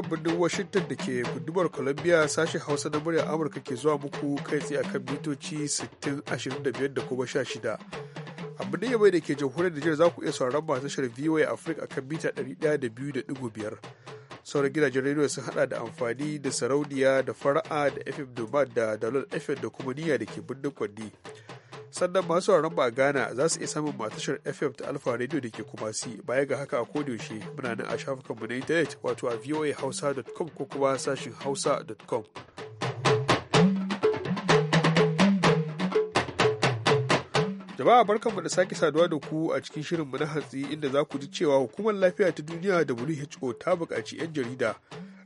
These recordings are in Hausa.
nan birnin Washington da ke gudubar Columbia sashen Hausa na muryar Amurka ke zuwa muku kai tsaye akan mitoci 6025 da kuma 16. a birnin yamai da ke jamhuriyar jirgin za ku iya sauran ba tashar VOA Africa akan mita 102.5. Sauran gidajen rediyo sun hada da amfani da sarauniya da fara'a da FM domin da Dalol FM da kuma niyya da ke birnin Kwandi. sannan masu a ba Ghana za su iya samun matashar FM ta Alfa Radio da ke kuma si baya ga haka a kodiyaushe muna nan a mu na intanet wato a voahausa.com ko kuma sashin hausa.com. Jama'a barkanmu da sake saduwa da ku a cikin shirin na hatsi inda za ku ji cewa hukumar lafiya ta duniya WHO ta buƙaci 'yan jarida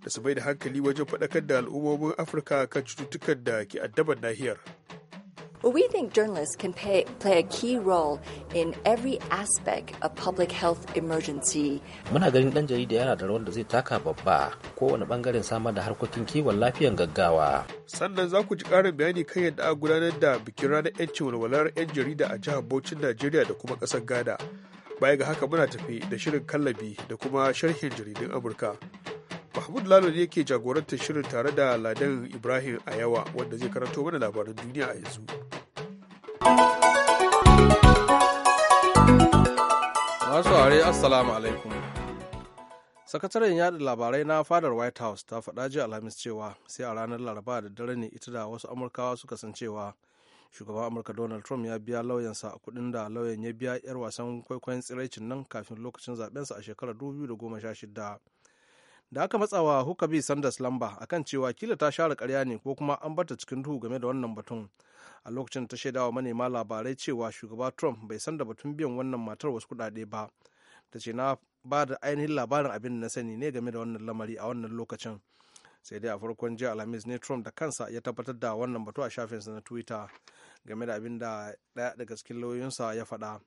da su bai da hankali wajen faɗakar da al'ummomin Afirka kan cututtukan da ke addaban nahiyar. Well, we think journalists can pay, play a key role in every aspect of public health emergency. Muna ganin ɗan jarida yana da rawar da zai taka babba kowane ɓangaren samar da harkokin kiwon lafiyan gaggawa. Sannan za ku ji ƙarin bayani kan yadda a gudanar da bikin ranar 'yancin walwalar 'yan jarida a jihar Bauchin Najeriya da kuma ƙasar Ghana. Baya ga haka muna tafi da shirin kallabi da kuma sharhin jaridun Amurka. Mahmud Lalo ne yake jagorantar shirin tare da Ladan Ibrahim a yawa wanda zai karanto mana labaran duniya a yanzu. Masu are Assalamu alaikum. Sakataren yada labarai na fadar White House ta faɗa jiya Alhamis cewa sai a ranar Laraba da dare ne ita da wasu Amurkawa suka san cewa shugaban Amurka Donald Trump ya biya lauyansa a kuɗin da lauyan ya biya 'yar wasan kwaikwayon tsiraicin nan kafin lokacin zaɓensa a shekarar 2016. da aka matsawa hukabi sanders lamba akan cewa kila ta share karya ne ko kuma an bata cikin duhu game da wannan batun a lokacin ta shaidawa manema labarai cewa shugaba trump bai san da batun biyan wannan matar wasu kudade ba ta ce na ba da ainihin labarin abin na sani ne game da wannan lamari a wannan lokacin sai dai a farkon jiya alhamis ne trump da kansa ya tabbatar da wannan batu a shafinsa na twitter game da abin da daya daga cikin lauyoyinsa ya faɗa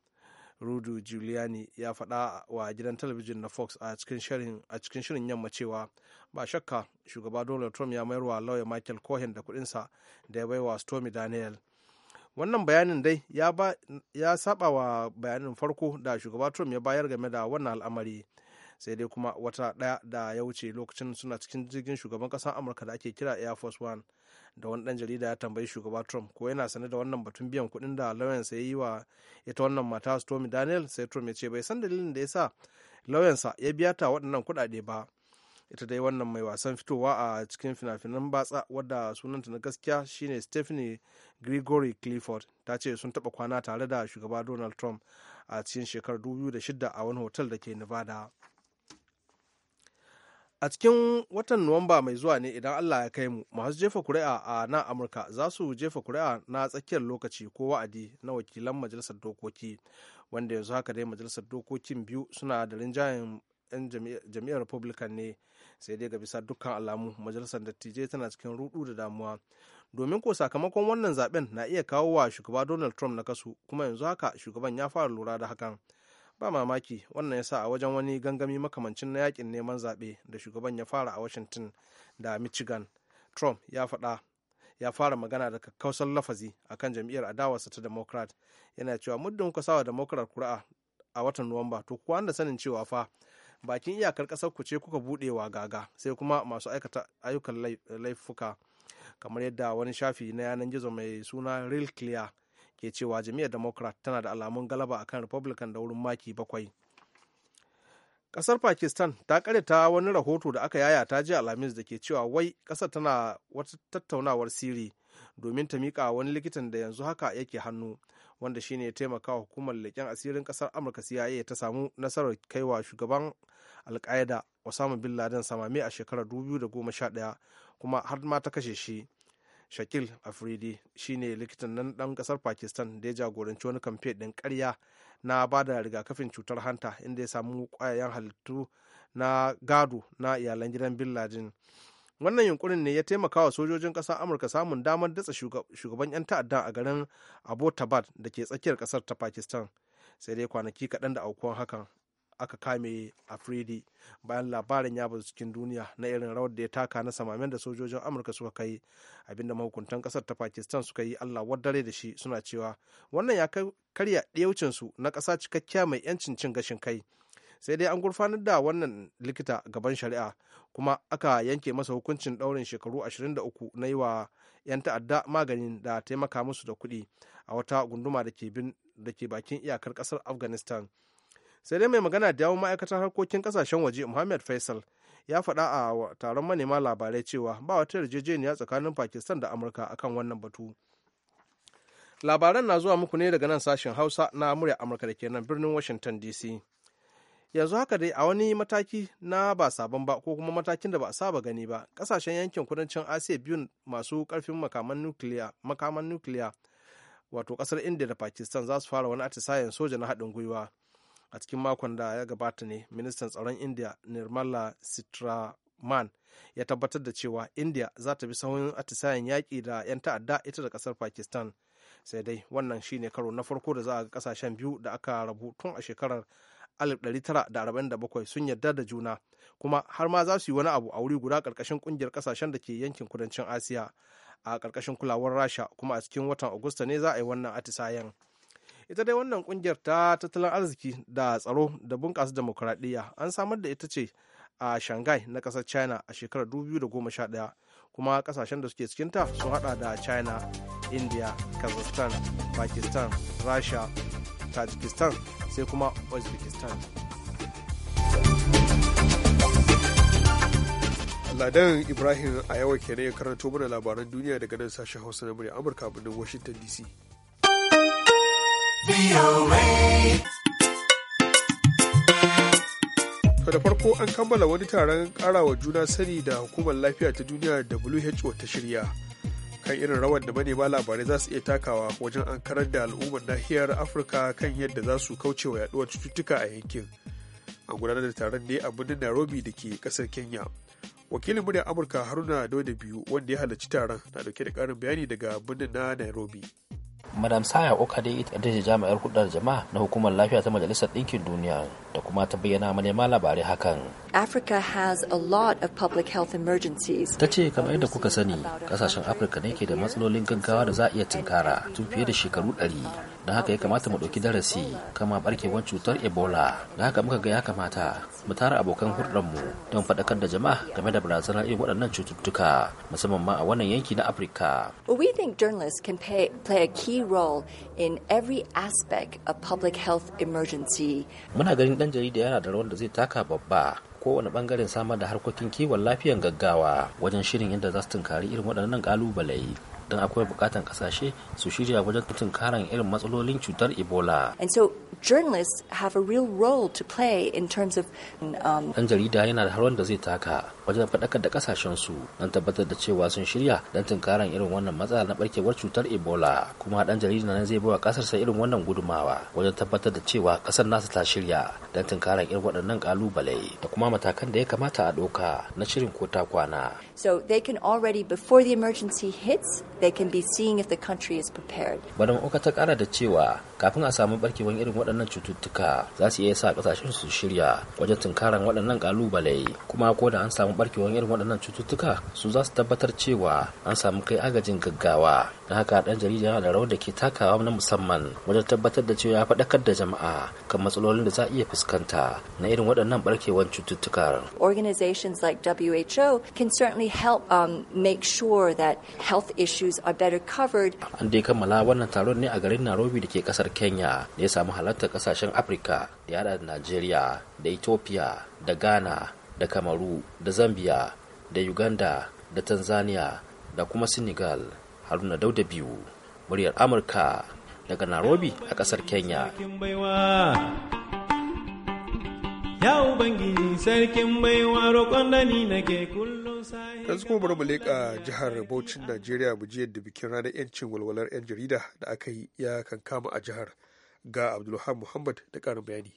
rudu giuliani ya faɗa wa gidan talabijin na fox a cikin shirin yamma cewa ba shakka shugaba donald trump ya mayar wa lauya michael cohen da kudinsa da ya baiwa stormy daniel wannan bayanin dai ya saba wa bayanin farko da shugaba trump ya bayar game da wannan al'amari sai dai kuma wata ɗaya da ya wuce lokacin suna cikin jirgin shugaban ƙasar amurka da ake kira air force one da wani dan jarida ya tambayi shugaba trump ko yana sane da wannan batun biyan kuɗin da lauyansa ya yi wa ita wannan mata stormy daniel sai trump ya ce bai san dalilin da ya sa lauyansa ya biya ta waɗannan kuɗaɗe ba ita dai wannan mai wasan fitowa a cikin fina-finan batsa wadda sunanta na gaskiya shine stephanie gregory clifford ta ce sun taɓa kwana tare da shugaba donald trump a cikin shekarar 2006 a wani hotel da ke nevada. a cikin watan nuwamba mai zuwa ne idan allah ya kai mu masu jefa kuri'a a nan amurka za su jefa kuri'a na tsakiyar lokaci ko wa'adi na wakilan majalisar dokoki wanda yanzu haka dai majalisar dokokin biyu suna da rinjayen 'yan jami'ar republican ne sai dai ga bisa dukkan alamu majalisar dattijai tana cikin rudu da damuwa domin ko sakamakon wannan zaben na iya kawo wa shugaba donald trump na kasu kuma yanzu haka shugaban ya fara lura da hakan ba mamaki wannan ya sa a wajen wani gangami makamancin na yakin neman zaɓe da shugaban ya fara a washington da michigan trump ya faɗa ya fara magana da kakkausan lafazi a kan jam'iyyar adawarsa ta democrat yana cewa muddin kuka sawa democrat kuri'a a watan nuwamba to kuwa da sanin cewa fa bakin iyakar kasar ku ce kuka wa gaga sai kuma masu aikata ayyukan laifuka kamar yadda wani shafi na yanar gizo mai suna real clear ke cewa jami'ar democrat tana da alamun galaba akan republican da wurin maki bakwai kasar pakistan ta karyata wani rahoto da aka yaya ta ji alhamis da ke cewa wai kasar tana wata tattaunawar siri domin ta mika wani likitan da yanzu haka yake hannu wanda shine ya taimaka wa hukumar leƙen asirin kasar amurka cia ta samu nasarar kaiwa shugaban alkaida osama bin laden samami a shekarar 2011 kuma har ma ta kashe shi shakil afridi shine likitan nan dan kasar pakistan da ya jagoranci wani kamfe din karya na ba da rigakafin cutar hanta inda ya samu kwayayen halittu na gado na iyalan gidan bin ladin wannan yunkurin ne ya taimaka wa sojojin ƙasar amurka samun damar datsa shugaban 'yan ta'adda a garin abbottabad da ke tsakiyar ƙasar ta pakistan sai dai kwanaki kaɗan da aukuwan hakan aka kame afridi bayan labarin ya bazu cikin duniya na irin rawar da ya taka na samamen da sojojin amurka suka kai abinda mahukuntan kasar ta pakistan suka yi allah wadare da shi suna cewa wannan ya karya ɗiyaucinsu na ƙasa cikakkiya mai 'yancin cin gashin kai sai dai an gurfanar da wannan likita gaban shari'a kuma aka yanke masa hukuncin ɗaurin shekaru 23 na yi wa 'yan ta'adda maganin da taimaka musu da kuɗi a wata gunduma da ke bakin iyakar ƙasar afghanistan sai dai mai magana da yawon ma'aikatar harkokin kasashen waje muhammad faisal ya faɗa a taron manema labarai cewa ba wata yarjejeniya tsakanin pakistan da amurka akan wannan batu labaran na zuwa muku ne daga nan sashen hausa na murya amurka da ke nan birnin washington dc yanzu haka dai a wani mataki na ba sabon ba ko kuma matakin da ba a saba gani ba kasashen yankin kudancin asiya biyun masu karfin makaman nukiliya wato kasar india da pakistan za su fara wani atisayen soja na haɗin gwiwa a cikin makon da ya gabata ne ministan tsaron india nirmala sitraman ya tabbatar da cewa india za ta bi sahun atisayen yaƙi da 'yan ta'adda ita da ƙasar pakistan sai dai wannan shine karo na farko da za a ga kasashen biyu da aka rabu tun a shekarar 1947 sun yarda da juna kuma har ma za su yi wani abu a wuri guda ƙarƙashin ƙungiyar ƙasashen da ke yankin kudancin asiya a ƙarƙashin kulawar rasha kuma a cikin watan agusta ne za a yi wannan atisayen ita dai wannan kungiyar ta tattalin arziki da tsaro da bunƙasa demokuraɗiyya an samar da ita ce a shanghai na ƙasar china a shekarar 2011 kuma ƙasashen da suke cikinta sun hada da china india kazakhstan pakistan russia tajikistan sai kuma uzbekistan ladan ibrahim a yawa kenan ya karanto mana labaran duniya daga nan sashen hausa na murya amurka birnin washington dc To da farko an kammala wani taron karawa juna sani da hukumar lafiya ta duniya WHO ta shirya kan irin rawar da manema labarai za su iya takawa wajen an karar da al'ummar nahiyar Afirka kan yadda za su wa yaduwar cututtuka a yankin. An gudanar da taron ne a birnin Nairobi da ke kasar Kenya. Wakilin muryar Amurka Haruna Dauda biyu wanda ya halarci taron na dauke da karin bayani daga birnin na Nairobi. madam saya okade ita ce jami'ar hudar jama'a na hukumar lafiya ta majalisar ɗinkin duniya da kuma ta bayyana manema labarai hakan Africa has a lot of public health emergencies. Ta ce kamar yadda kuka sani kasashen Afirka ne ke da matsalolin gaggawa da za a iya tunkara tun fiye da shekaru ɗari don haka ya kamata mu ɗauki darasi kama barkewar cutar ebola da haka muka ga ya kamata mu tara abokan mu don faɗakar da jama'a game da barazanar irin waɗannan cututtuka musamman ma a wannan yanki na afirka we think journalists can pay, play a key role in every aspect of public health emergency muna ganin ɗan jarida yana da rawar da zai taka babba kowane bangaren samar da harkokin kiwon lafiyan gaggawa wajen shirin yadda za su tunkari irin waɗannan ƙalubale don akwai bukatan kasashe su shirya wajen tunkaran irin matsalolin cutar ebola and so journalists have a real role to play in terms of um... jarida yana da harwan da zai taka wajen faɗakar da su don tabbatar da cewa sun shirya don tunkaran irin wannan matsala na barkewar cutar ebola kuma dan jaridar nan zai bawa ƙasarsa irin wannan gudumawa wajen tabbatar da cewa kasar nasa ta shirya don tunkaran irin waɗannan kalubale da kuma matakan da ya kamata a ɗauka na shirin ko ta kwana. So they can already before the emergency hits they can be seeing if the country is prepared. Badan Oka ta kara da cewa kafin a samu barkewar irin waɗannan cututtuka za su iya sa kasashen su shirya wajen tunkaran waɗannan kalubale kuma ko da an samu samun barkewar irin waɗannan cututtuka su za su tabbatar cewa an samu kai agajin gaggawa na haka dan jarida yana da rawar da ke takawa na musamman wajen tabbatar da cewa ya faɗakar da jama'a kan matsalolin da za a iya fuskanta na irin waɗannan barkewar cututtuka. Organizations like WHO can certainly help um, make sure that health issues are better covered. An dai kammala wannan taron ne a garin Nairobi da ke kasar Kenya da ya samu halartar kasashen Afirka da yadda da Najeriya da Ethiopia da Ghana da kamaru da zambia da uganda da tanzania da kuma senegal haruna dauda biyu muryar amurka daga nairobi a kasar kenya ya ubangiji sarkin yanzu kuma bari mu leƙa jihar Bauchin Najeriya mu ji yadda bikin ranar yancin walwalar yan jarida da aka yi ya kankama a jihar ga Abdulhamid Muhammad da ƙarin bayani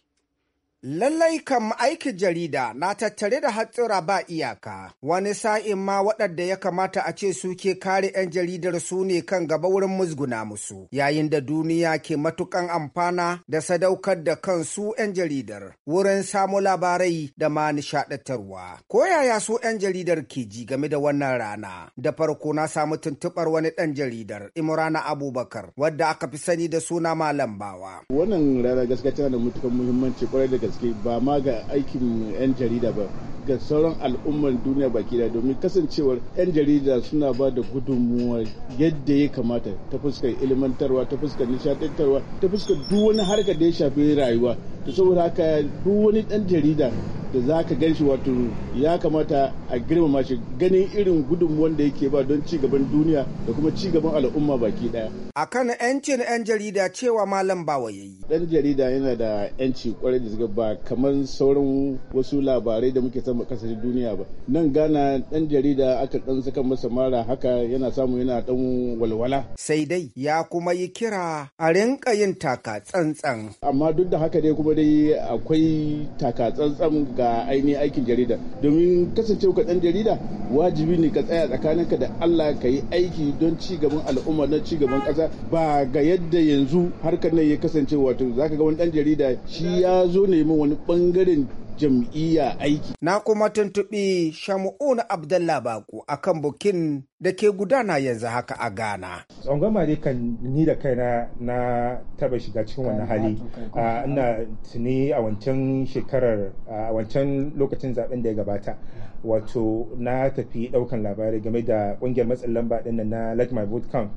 Lallai kan aikin jarida na tattare da hatsura ba iyaka, wani sa'in ma waɗanda ya kamata a ce suke kare 'yan jaridar su ne kan gaba wurin musguna musu, yayin da duniya ke matukan amfana da sadaukar da kansu 'yan jaridar wurin samu labarai da ma nishaɗatarwa. Ko yaya su 'yan jaridar ke ji game da wannan rana? Da farko na samu tuntuɓar wani ɗan jaridar, Imrana Abubakar, wadda aka fi sani da suna Malam Bawa. Wannan rana gaskiya tana da muhimmanci kwarai da gaske ba ma ga aikin 'yan jarida ba ga sauran al'ummar duniya baki da domin kasancewar 'yan jarida suna ba da gudunmuwa yadda ya kamata ta fuskar ilimantarwa ta fuskar nishadantarwa ta fuskar duk wani harka da ya shafi rayuwa to saboda haka duk wani dan jarida da za ka gan shi wato ya kamata a girmama shi ganin irin gudunmuwan da yake ba don ci gaban duniya da kuma ci gaban al'umma baki daya. A kan 'yancin 'yan jarida cewa malam ba waye. yi. Ɗan jarida yana da 'yanci kwarai da zuga ba kamar sauran wasu labarai da muke samu kasar duniya ba. Nan gana ɗan jarida aka ɗan saka masa mara haka yana samu yana ɗan walwala. Sai dai ya kuma yi kira a rinka yin takatsantsan. Amma duk da haka dai kuma dai akwai takatsantsan. ga ainihin aikin jarida domin kasance ka dan jarida wajibi ne ka tsaya tsakaninka da Allah ka yi aiki don ci gaban al'umma na ci gaban ƙasa ba ga yadda yanzu harkar nan ya kasance wato zaka ga wani dan jarida shi ya zo ne wani bangaren jam'iyya aiki. Na kuma tuntuɓi Shamu'una Abdallah a kan bukin da ke gudana yanzu haka a Ghana. Tsangwama dai kan ni da kaina na taba shiga cikin wannan hali. Ah, ina tuni a wancan shekarar ah, a wancan lokacin zaben da ya gabata. wato na tafi daukan labari game da kungiyar matsin lamba din na let my vote count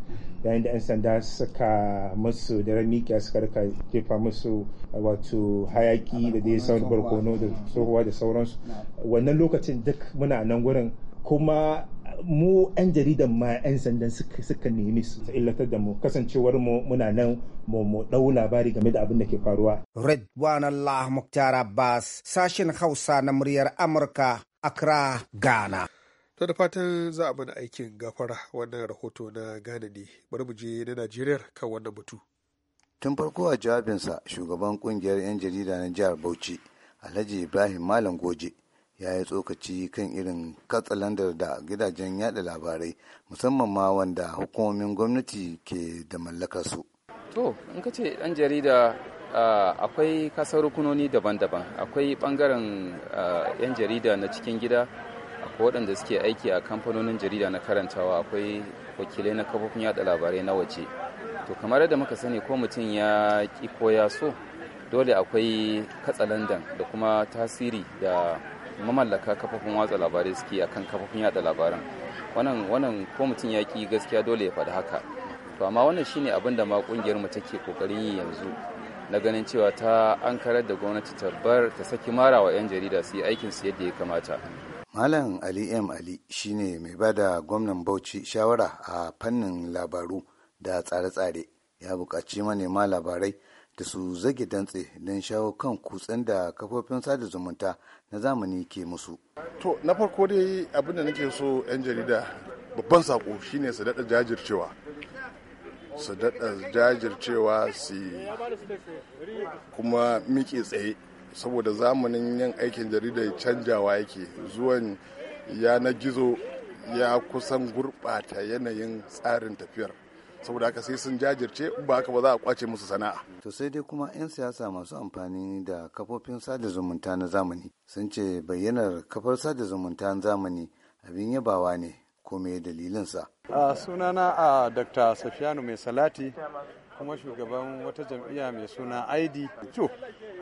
yayin da 'yan sanda suka musu da ramikiya suka rika jefa musu wato hayaki da dai sauran barkono da tsohuwa da sauransu wannan lokacin duk muna nan gurin kuma mu 'yan jaridan ma 'yan sandan suka nemi su illatar da mu kasancewar mu muna nan mu ɗau labari game da abin da ke faruwa. Redwan Allah Muktar Abbas sashen Hausa na muryar Amurka Accra, Ghana. To da fatan za a mana aikin gafara wannan rahoto na Ghana ne. Bari mu je na Najeriya kan wannan batu. Tun farko a jawabinsa shugaban kungiyar 'yan jarida na jihar Bauchi, Alhaji Ibrahim Malam Goje, ya yi tsokaci kan irin katsalandar da gidajen yada labarai musamman ma wanda hukumomin gwamnati ke da mallakarsu. To, in ka ce ɗan jarida Ah, akwai kasar rukunoni daban-daban akwai bangaren yan ah, jarida na cikin gida akwai waɗanda suke aiki a kamfanonin jarida na karantawa akwai wakilai na kafofin yada labarai na waje to kamar yadda muka sani ko mutum ya ki ko ya so dole akwai katsalandan da kuma tasiri da mamallaka kafofin watsa labarai suke akan kafofin yada labaran wannan wannan ko mutum ya ki gaskiya dole ya faɗi haka to amma wannan shine abin da ma kungiyar mu take kokarin yi yanzu na ganin cewa ta an karar da gwamnati ta bar ta saki mara wa 'yan jarida su yi aikin su yadda ya kamata. Malam Ali M. Ali shine mai ba da gwamnan Bauchi shawara a fannin labaru da tsare-tsare ya buƙaci manema labarai da su zage dantse don shawo kan kutsen da kafofin sada zumunta na zamani ke musu. To, na farko dai abin da nake so 'yan jarida babban saƙo shine su daɗa jajircewa. su daɗa jajircewa su kuma miƙe tsaye saboda zamanin yin aikin jarida canjawa yake zuwan yanar gizo ya kusan gurɓata yanayin tsarin tafiyar saboda haka sai sun jajirce ba haka ba za a kwace musu sana'a. To sai dai kuma 'yan siyasa masu amfani da kafofin sada zumunta na zamani sun ce bayyanar kafar sada zumunta na zamani abin yabawa ne kome dalilinsa. A sunana a Dr. Safiyanu Mai Salati kuma shugaban wata jam'iyya mai suna ID. To,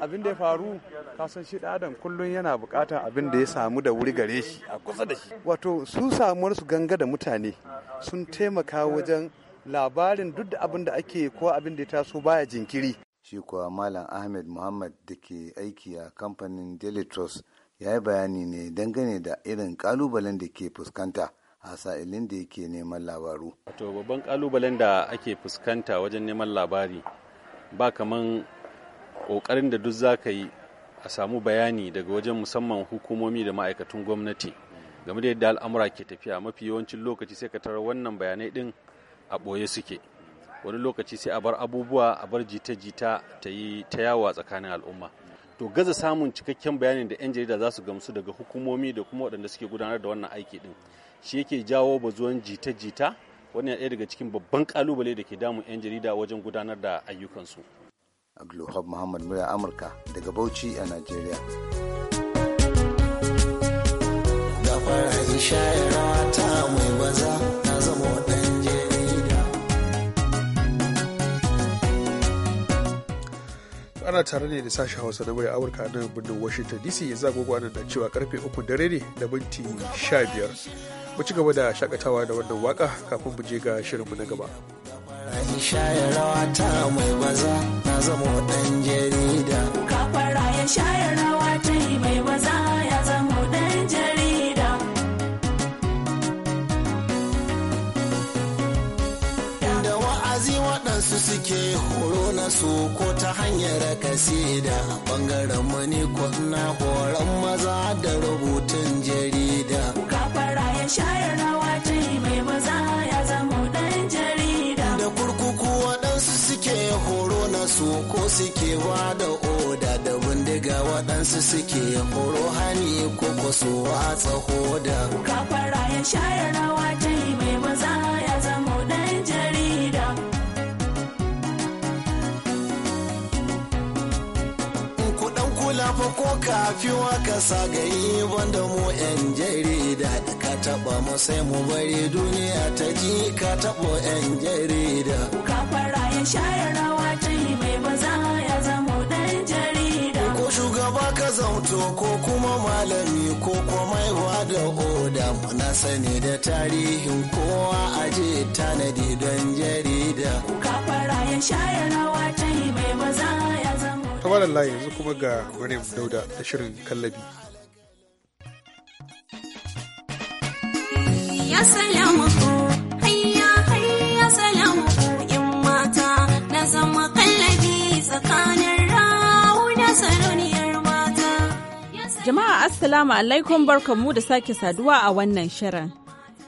abin da ya faru kasan shi da adam kullum yana buƙatar abin da ya samu da wuri gare shi a kusa da shi. Wato, su samuwar su ganga da mutane sun taimaka wajen labarin duk da abin da ake ko abin da ya taso baya jinkiri. Shi kuwa Malam Ahmed Muhammad da ke aiki a kamfanin Delitros Trust ya yi bayani ne dangane da irin kalubalen da ke fuskanta a sa'ilin da yake neman labaru. Wato babban kalubalen da ake fuskanta wajen neman labari ba kaman ƙoƙarin da duk za ka yi a samu bayani daga wajen musamman hukumomi da ma'aikatan gwamnati game da yadda al'amura ke tafiya mafi yawancin lokaci sai ka tarar wannan bayanai din a ɓoye suke wani lokaci sai a bar abubuwa a bar jita-jita ta yi ta yawa tsakanin al'umma to gaza samun cikakken bayanin da 'yan jarida za su gamsu daga hukumomi da kuma waɗanda suke gudanar da wannan aiki din shi yake jawo bazuwan jita-jita wani ɗaya daga cikin babban kalubale da ke damun 'yan jarida wajen gudanar da ayyukansu. Abdulhab Muhammad Murya Amurka daga Bauchi a Najeriya. ana tare ne da sashen hausa na murya amurka nan birnin washington dc ya zagogo nan da cewa karfe 3 dare ne da minti 15 mu ci gaba da shakatawa da wannan waka kafin mu je ga shirinmu na gaba wa'azi waɗansu suke horo na su ko ta hanyar kasida bangaren mani ko na horon maza da rubutun jarida shekara ya shayar rawa wace mai maza ya zama dan jarida da kurkuku waɗansu suke horo na su ko suke wa da oda da bindiga waɗansu suke horo hani ko ko su watsa hoda kafara ya shayar rawa wace mai maza ya zama fa ko kafi waka sagayi banda mu yan jarida da ka taba mu sai mu bari duniya ta ji ka tabo yan jarida ka fara ya shayar rawa ta mai baza ya zamo dan jarida ko shugaba ka zauto ko kuma malami ko kuma wa da oda na sani da tarihin kowa aje tanadi don jarida ka fara ya shayar rawa ta mai baza ya zamo kuma ga Maryam Dauda da shirin kallabi. mata na zama kallabi tsakanin mata. Jama'a Assalamu alaikum barkanmu da sake saduwa a wannan shirin.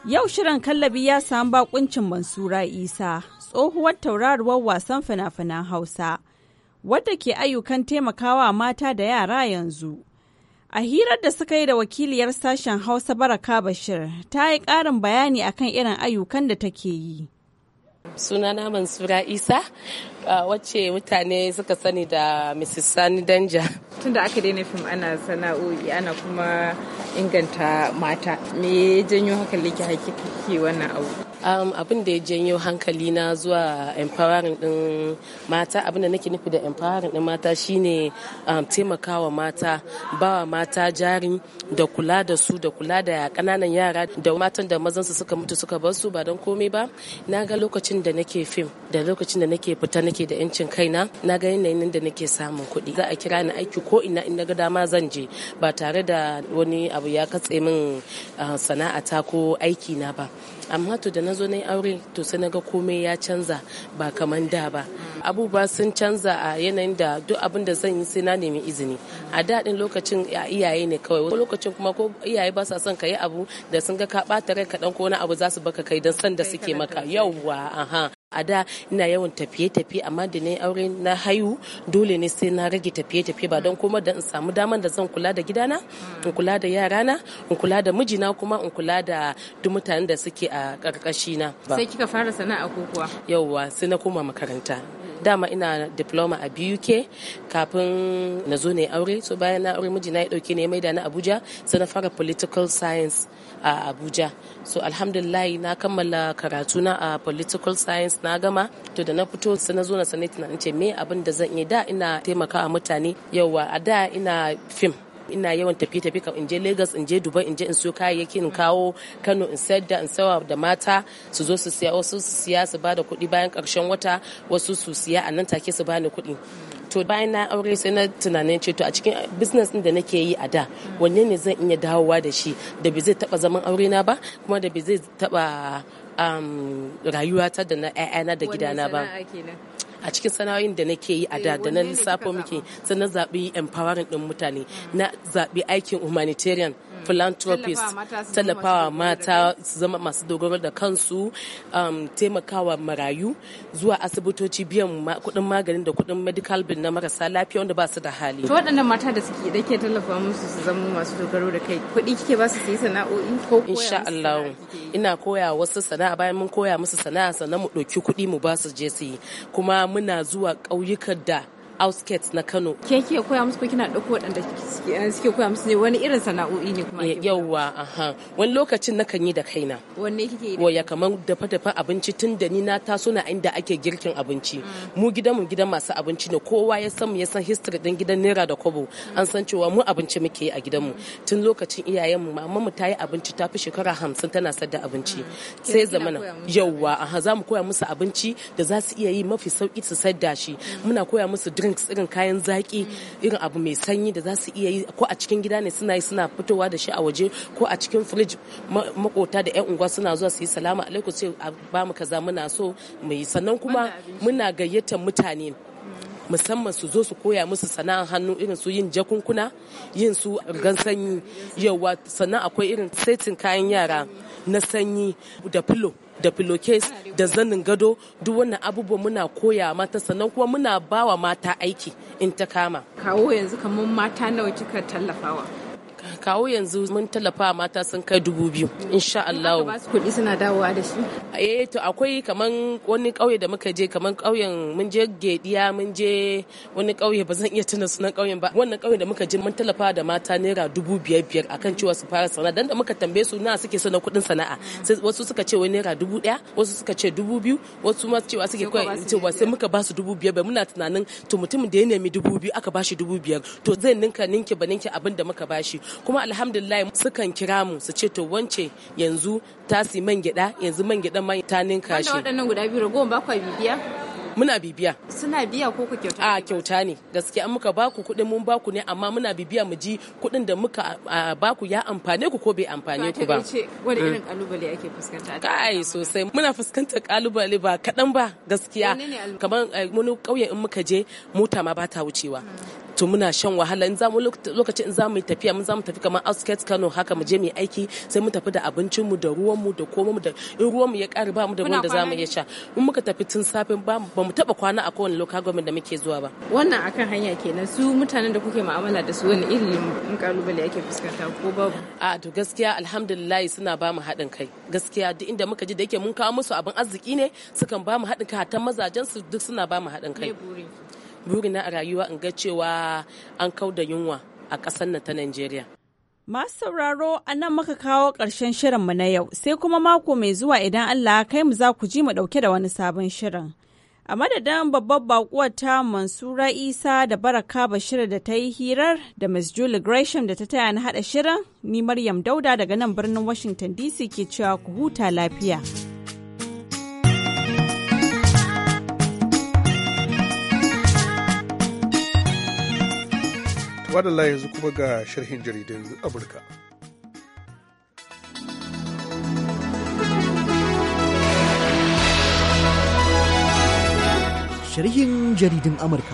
Yau shirin kallabi ya samu bakuncin Mansura Isa, tsohuwar tauraruwar wasan fina-finan Hausa. wadda ke ayyukan taimakawa mata da yara yanzu. A hirar da suka yi da wakiliyar sashen Hausa Baraka Bashir ta yi ƙarin bayani akan irin ayyukan da take yi. Sunana Mansura Isa wacce mutane suka sani da Mrs. Sani Danja. Tun da aka daina fim ana sana'o'i ana kuma inganta mata. Me ya janyo hankali ki hakiki wannan abu? Um, abin da ya janyo hankali na zuwa empowering din mata abin da nake nufi da empowering din mata shine um, taimakawa mata bawa mata jari da kula da su da kula da kananan yara da matan da mazan su suka mutu suka bar su ba don komai ba na ga lokacin da nake fim da lokacin da nake fita nake nake da yancin kaina na ga yanayin da nake samun kuɗi za a kira ni aiki ko ina in ga dama zan je ba tare da wani abu ya katse min ta ko aiki na ba amma to da na zo na yi aure to sai na ga komai ya canza ba kaman da ba abubuwa sun canza a yanayin da duk abin da zan yi sai na nemi izini a daɗin lokacin iyaye ne kawai lokacin kuma ko iyaye ba sa son ka yi abu da sun ga ka ɓata rai kaɗan ko wani abu za su baka kai don san da suke maka yauwa aha a da ina yawan tafiye-tafiye amma da na aure na haihu dole ne sai na rage tafiye-tafiye ba don kuma da in samu daman da zan kula da gidana in kula da yarana in kula da mijina kuma in kula da duk mutanen da suke a karkashi na sai kika fara sana'a ko kuwa yauwa sai na koma makaranta dama ina diploma a BUK kafin na zo ne aure so bayan na aure mijina ya dauke ne mai da na Abuja sai na fara political science a Abuja so alhamdulillahi na kammala karatu na a political science na gama to da na fito sai na zo na sani tunanin ce me abin da zan iya da ina taimakawa mutane yawa a da ina fim ina yawan tafiye-tafiye kan je Lagos in je Dubai in je in siyo kayayyakin in kawo Kano in sayar da in sawa da mata su zo su siya wasu su siya su bada kuɗi bayan ƙarshen wata wasu su siya a nan take su bani kuɗi to bayan na aure sai na tunanin ce to a cikin business din da nake yi a da wanne ne zan iya dawowa da shi da bai zai taba zaman aure na ba kuma da bai zai taba rayuwata da na 'ya'yana da gidana ba a cikin sana'o'in da nake yi a da eh, da na lissafo muke sannan zabi zaɓi empowering ɗin mutane na zaɓi aikin humanitarian philanthropist tallafawa mata su zama masu dogaro da kansu um, taimakawa marayu zuwa asibitoci biyan kudin maganin da kudin medical bill na marasa lafiya wanda ba su da hali to waɗannan mata da suke da ke tallafa musu su zama masu dogaro da kai kuɗi kike ba su yi sana'o'i ko koya insha Allah ina koya wasu sana'a bayan mun koya musu sana'a sannan mu ɗauki kuɗi mu ba su je su yi kuma muna zuwa ƙauyukan da outskirts na Kano. Ke koya musu ko kina dauko waɗanda eh, suke koya musu ne wani irin sana'o'i ne kuma? Eh, yawwa, aha. Wani lokacin na kan yi da kaina. Wanne kike yi? Waya kaman dafa-dafa abinci tun da ni na taso na inda ake girkin abinci. Mm. Mu gidan mu gidan masu abinci ne kowa ya san ya san history din gidan nera da Kobo. Mm. An san cewa mu abinci muke yi a gidan mu mm. Tun lokacin iyayen mu mama mu ta yi abinci ta fi shekara hamsin tana sadda abinci. Sai zamana yawwa, aha za mu koya musu abinci da za su iya yi mafi sauki su sadda shi. Muna koya musu drink drinks irin kayan zaki irin abu mai sanyi da za su iya yi ko a cikin gida ne suna yi suna fitowa da shi a waje ko a cikin fridge makota da 'yan unguwa suna zuwa su yi salama alaikum sai ba mu kaza muna so mu yi sannan kuma muna gayyatar mutane musamman su zo su koya musu sana'ar hannu irin su yin jakunkuna yin su gan sanyi yawa sannan akwai irin setin kayan yara na sanyi da filo da pillowcase da zanin gado duk wannan abubuwa muna koya mata sannan kuma muna bawa mata aiki in ta kama kawo yanzu kamar mata nawa kika tallafawa kawo yanzu mun tallafa mata sun kai dubu biyu insha Allah ba su kuɗi suna dawowa da shi eh to akwai kaman wani ƙauye da muka je kaman ƙauyen mun je Gediya mun je wani ƙauye ba zan iya tuna sunan ƙauyen ba wannan ƙauye da muka je mun tallafa da mata naira dubu biyar biyar akan cewa su fara sana'a dan da muka tambaye su na suke so kuɗin sana'a sai wasu suka ce wai naira dubu ɗaya wasu suka ce dubu biyu wasu ma cewa suke cewa sai muka ba su dubu biyar ba muna tunanin to mutumin da ya nemi dubu biyu aka ba shi dubu biyar to zai ninka ninki ba ninki abin da muka ba shi kuma alhamdulillah sukan kira mu su ce to wance yanzu tasi man gyada yanzu man gyada man ta ninka shi waɗannan guda biyu ragowar bakwa bibiya muna bibiya suna biya ko ku kyauta a kyauta ne gaskiya an muka baku kuɗin mun baku ne amma muna bibiya mu ji kuɗin da muka baku ya amfane ku ko bai amfane ku ba wani irin kalubale mm. ake fuskanta kai sosai muna fuskantar kalubale ba kaɗan ba gaskiya kamar mun eh, ƙauye in muka je mota ma ba ta wucewa mm. to muna shan wahala in zamu lokacin in zamu tafiya mun zamu tafi kamar outskirts Kano haka mu je mu aiki sai mu tafi da abincin mu da ruwan mu da komai mu da in ruwan mu ya kare ba mu da wanda zamu iya sha mun muka tafi tun safe ba mu taba kwana a kowane local government da muke zuwa ba wannan akan hanya kenan su mutanen da kuke mu'amala da su wani irin kalubale yake fuskanta ko babu a to gaskiya alhamdulillah suna ba mu haɗin kai gaskiya duk inda muka ji da yake mun kawo musu abin arziki ne sukan ba mu haɗin kai hatta mazajen su duk suna ba mu haɗin kai buri a rayuwa in ga cewa an kau da yunwa a ƙasar nan ta Najeriya. Masu sauraro a nan maka kawo ƙarshen mu na yau sai kuma mako mai zuwa idan Allah kai mu za ku ji mu ɗauke da wani sabon shirin. A madadin babbar bakuwar ta Mansura Isa da Baraka Bashir da ta yi hirar da Miss Julie Gresham da ta taya na haɗa shirin, ni Maryam Dauda daga nan birnin Washington DC ke cewa ku huta lafiya. Wadalla yanzu kuma ga sharhin jaridun Amurka. Sharhin jaridun Amurka. A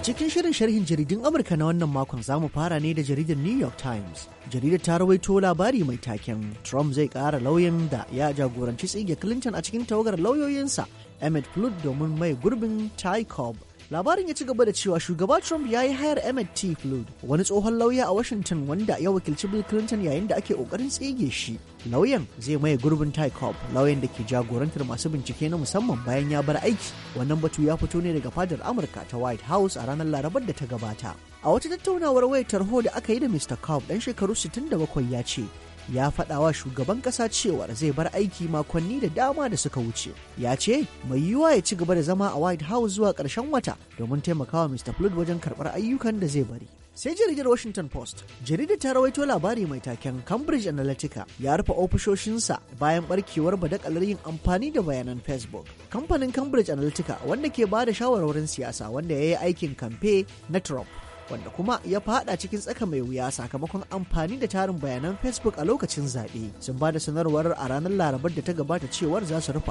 cikin shirin sharhin jaridun Amurka na wannan makon zamu fara ne da jaridar New York Times. Jaridar ta rawaito labari mai taken Trump zai kara lauyan da ya jagoranci tsige Clinton a cikin tawagar lauyoyinsa Emmett Flood domin mai gurbin Ty Cobb. Labarin ya ci gaba da cewa shugaba Trump ya yi hayar Emmett T. Flood, wani tsohon lauya a Washington wanda ya wakilci Bill Clinton yayin da ake kokarin tsige shi. Lauyan zai maye gurbin Ty Cobb, lauyan da ke jagorantar masu bincike na musamman bayan ya bar aiki. Wannan batu ya fito ne daga fadar Amurka ta White House a ranar Larabar da ta gabata. A wata tattaunawar wayar tarho da aka yi da Mr. Cobb ɗan shekaru 67 ya ce, ya faɗawa shugaban ƙasa cewar zai bar aiki makonni da dama da suka wuce ya ce mai yiwuwa ya ci gaba da zama a white house zuwa ƙarshen wata domin taimakawa mr flood wajen karɓar ayyukan da zai bari sai jaridar washington post jaridar ta rawaito labari mai taken cambridge analytica ya rufe ofishoshinsa bayan barkewar badakalar yin amfani da bayanan facebook kamfanin cambridge analytica wanda ke ba da shawarwarin siyasa wanda ya yi aikin kamfe na trump wanda kuma ya fada cikin tsaka mai wuya sakamakon amfani da tarin bayanan facebook a lokacin zaɓe sun ba da sanarwar a ranar larabar da ta gabata cewar za su rufe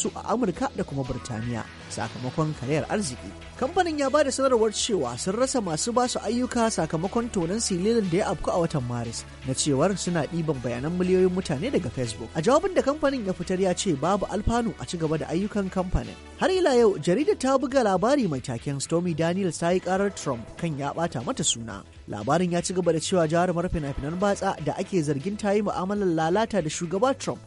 su a amurka da kuma birtaniya sakamakon kariyar arziki kamfanin ya ba da sanarwar cewa sun rasa masu ba su ayyuka sakamakon tonon sililin da ya afku a watan maris na cewar suna ɗiban bayanan miliyoyin mutane daga facebook a jawabin da kamfanin ya fitar ya ce babu alfanu a ci gaba da ayyukan kamfanin har ila yau jaridar ta buga labari mai taken stormy daniels ta yi karar trump kan ya ɓata mata suna. Labarin ya ci gaba da cewa jarumar fina-finan batsa da ake zargin ta yi mu'amalar lalata da shugaba Trump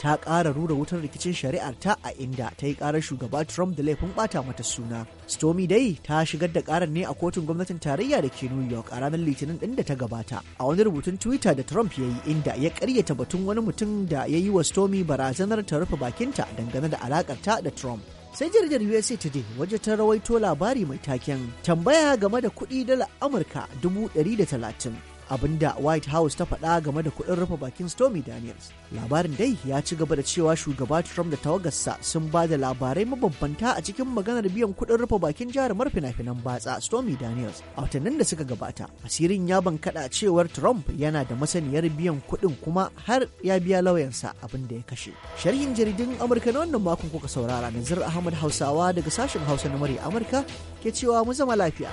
ta ƙara rura wutar rikicin shari'ar ta a inda ta yi ƙarar shugaba Trump da laifin ɓata mata suna. Stormy dai ta shigar da ƙarar ne a kotun gwamnatin tarayya da ke New York a ranar Litinin ɗin da ta gabata. A wani rubutun Twitter da Trump ya yi inda ya karyata batun wani mutum da ya yi wa Stormy barazanar ta rufe bakinta dangane da alaƙar ta da Trump. sai jaridar usa today waje ta rawaito labari mai taken tambaya game da kuɗi dala amurka dubu ɗari da talatin Abin da white house ta faɗa game da kuɗin rufe bakin stormy daniels labarin dai ya ci gaba da cewa shugaba trump da tawagarsa sun ba da labarai mabambanta a cikin maganar biyan kuɗin rufe bakin jarumar fina-finan batsa stormy daniels a watannin da suka gabata asirin ya bankaɗa cewar trump yana da masaniyar biyan kuɗin kuma har ya biya lauyansa abin da ya kashe sharhin jaridun amurka na wannan makon kuka saurara nazir ahmad hausawa daga sashen hausa na murya amurka ke cewa mu zama lafiya.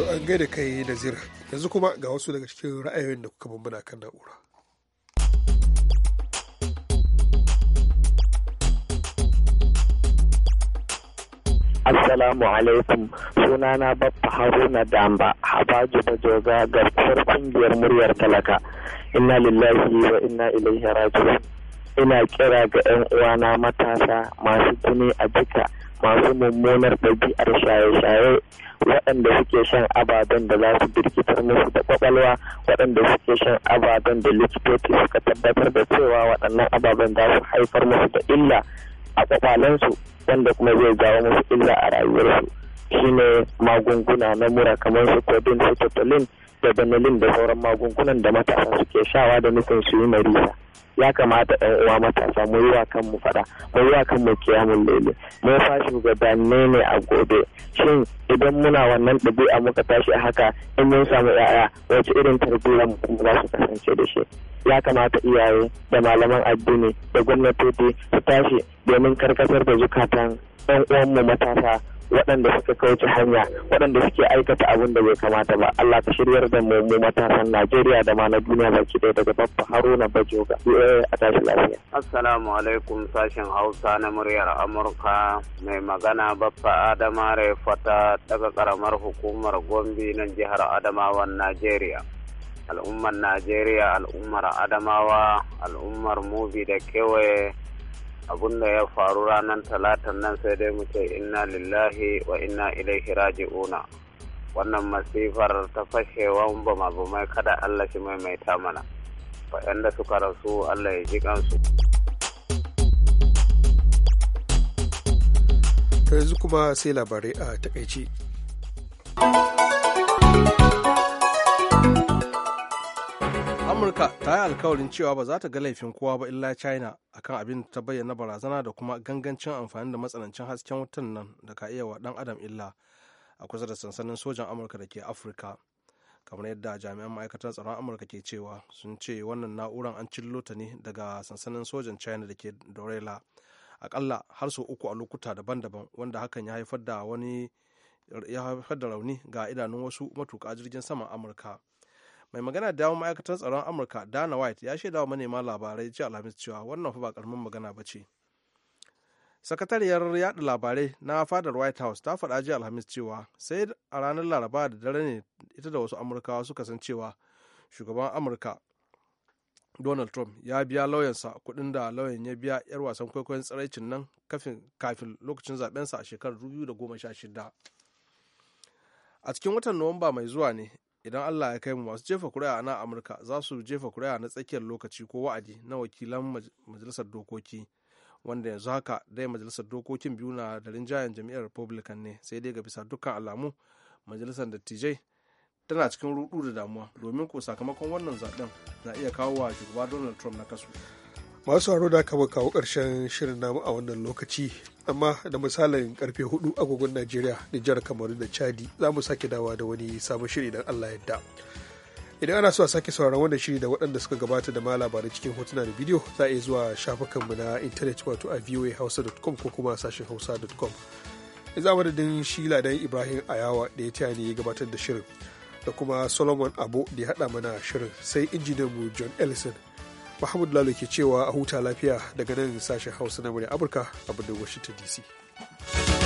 To an gaida kai Nazir. Yanzu kuma ga wasu daga cikin ra'ayoyin da kuka bambana kan na'ura. Assalamu alaikum sunana Baffa Haruna Damba Habaju Bajoga garkuwar kungiyar muryar talaka inna lillahi wa inna ilaihi raji'un ina kira ga 'yan uwana matasa masu tuni a jika masu mummunar ɗabi'ar shaye-shaye waɗanda suke shan ababen da za su birkitar musu da kwakwalwa waɗanda suke shan ababen da likitoci suka tabbatar da cewa waɗannan ababen za su haifar musu da illa a kwakwalensu wanda kuma zai jawo musu illa a rayuwarsu shine magunguna na mura kamar su codeine su tattalin da benelin da sauran magungunan da matasa suke shawa da nufin su yi marisa ya kamata ɗan uwa matasa mu yi wa kanmu faɗa mu yi wa kanmu kiyamun lele mu fa shugabanni ne a gobe shin idan muna wannan ɗabi'a muka tashi haka in mun samu yaya wace irin tarbiyya mu za su kasance da shi ya kamata iyaye da malaman addini da gwamnatoci su tashi domin karkatar da zukatan ɗan mu matasa waɗanda suka kauce hanya waɗanda suke aikata abin da bai kamata ba Allah ka shiryar da mu mu matasan Najeriya da ma na duniya baki ɗaya daga babba Haruna Bajoga eh, a tashi lafiya Assalamu alaikum sashen Hausa na muryar Amurka mai magana babba Adama Refata daga karamar hukumar Gombe nan jihar Adamawan Najeriya al'ummar Najeriya al'ummar Adamawa al'ummar Mubi da kewaye abun da ya faru ranar talatan nan sai dai mu ce inna lillahi wa inna ilaihi raji'una wannan masifar ta fashewan ba ma mai kada Allah shi maimaita mana waɗanda suka rasu Allah ya ji kansu to yanzu kuma sai labarai a takaici amurka ta yi alkawarin cewa ba za ta ga laifin kowa ba illa china akan abin ta bayyana barazana da kuma gangancin amfani da matsanancin hasken wutan nan da ka iya wa dan adam illa a kusa da sansanin sojan amurka da ke afirka kamar yadda jami'an ma'aikatar tsaron amurka ke cewa sun ce wannan na'urar an cillo ta ne daga sansanin sojan china da ke dorela akalla har sau uku a lokuta daban-daban wanda hakan ya haifar da rauni ga idanun wasu matuka jirgin saman amurka mai magana da yawon ma'aikatar tsaron amurka dana white ya shaidawa manema labarai jiya alhamis cewa wannan fa ba karamin magana ba ce sakatariyar yada labarai na fadar white house ta faɗa jiya alhamis cewa sai a ranar laraba da dare ne ita da wasu amurkawa suka san cewa shugaban amurka donald trump ya biya lauyansa kuɗin da lauyan ya biya 'yar wasan kwaikwayon tsiraicin nan kafin lokacin zabensa a shekarar 2016 a cikin watan nuwamba mai zuwa ne idan allah ya kai mu masu jefa kuri'a na amurka za su jefa kuri'a na tsakiyar lokaci ko wa'adi na wakilan majalisar dokoki wanda yanzu haka dai majalisar dokokin biyu na da rinjayen jam'iyyar republican ne sai dai ga bisa dukkan alamu majalisar dattijai tana cikin rudu da damuwa domin ko sakamakon wannan zaben na iya kawo wa shugaba donald trump na kasu masu haro da aka kawo ƙarshen shirin namu a wannan lokaci amma da misalin karfe 4 agogon najeriya nijar kamaru da chadi za mu sake dawa da wani sabon shiri idan allah yadda idan ana so a sake sauraron wannan shiri da waɗanda suka gabata da ma labarai cikin hotuna da bidiyo za a iya zuwa shafukanmu na intanet wato a voahausa.com ko kuma sashen hausa.com za madadin shi ladan ibrahim ayawa da ya taya ne gabatar da shirin da kuma solomon abu da ya haɗa mana shirin sai injiniyanmu john ellison Mahmud Lalo ke cewa a huta lafiya daga nan sashen Hausa na murya Amurka a birnin Washington DC.